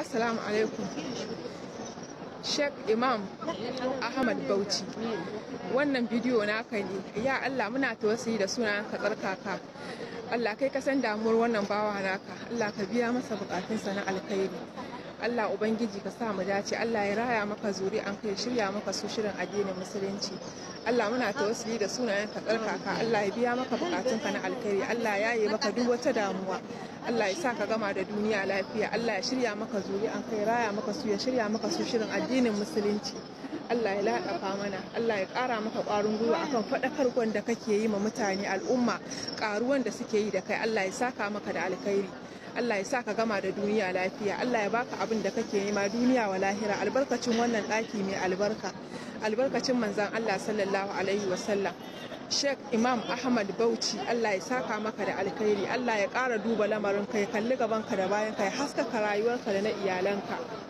assalamu alaikum sheikh imam ahmad bauchi wannan bidiyo naka ne ya allah muna tausayi da suna ka tsarkaka allah kai ka san damuwar wannan bawa naka allah ka biya masa bukatunsa na alkhairi Allah Ubangiji ka sa mu dace Allah ya raya maka zuri an kai shirya maka su shirin addinin musulunci Allah muna tawassuli da sunayen ka tsarkaka Allah ya biya maka bukatunka na alkhairi Allah ya yi maka duk wata damuwa Allah ya sa ka gama da duniya lafiya Allah ya shirya maka zuri an kai raya maka su ya shirya maka su shirin addinin musulunci Allah ya laɗafa mana Allah ya ƙara maka ƙwarin gwiwa akan faɗakarwan da kake yi ma mutane al'umma ƙaruwan da suke yi da kai Allah ya saka maka da alkhairi Allah ya sa ka gama da duniya lafiya Allah ya baka abin da kake nema duniya wa lahira albarkacin wannan ɗaki mai albarka albarkacin manzan Allah sallallahu alaihi wasallam Sheikh Imam Ahmad Bauchi Allah ya saka maka da alkhairi Allah ya ƙara duba lamarin kai kalli gaban ka da bayan kai haskaka rayuwarka da na iyalanka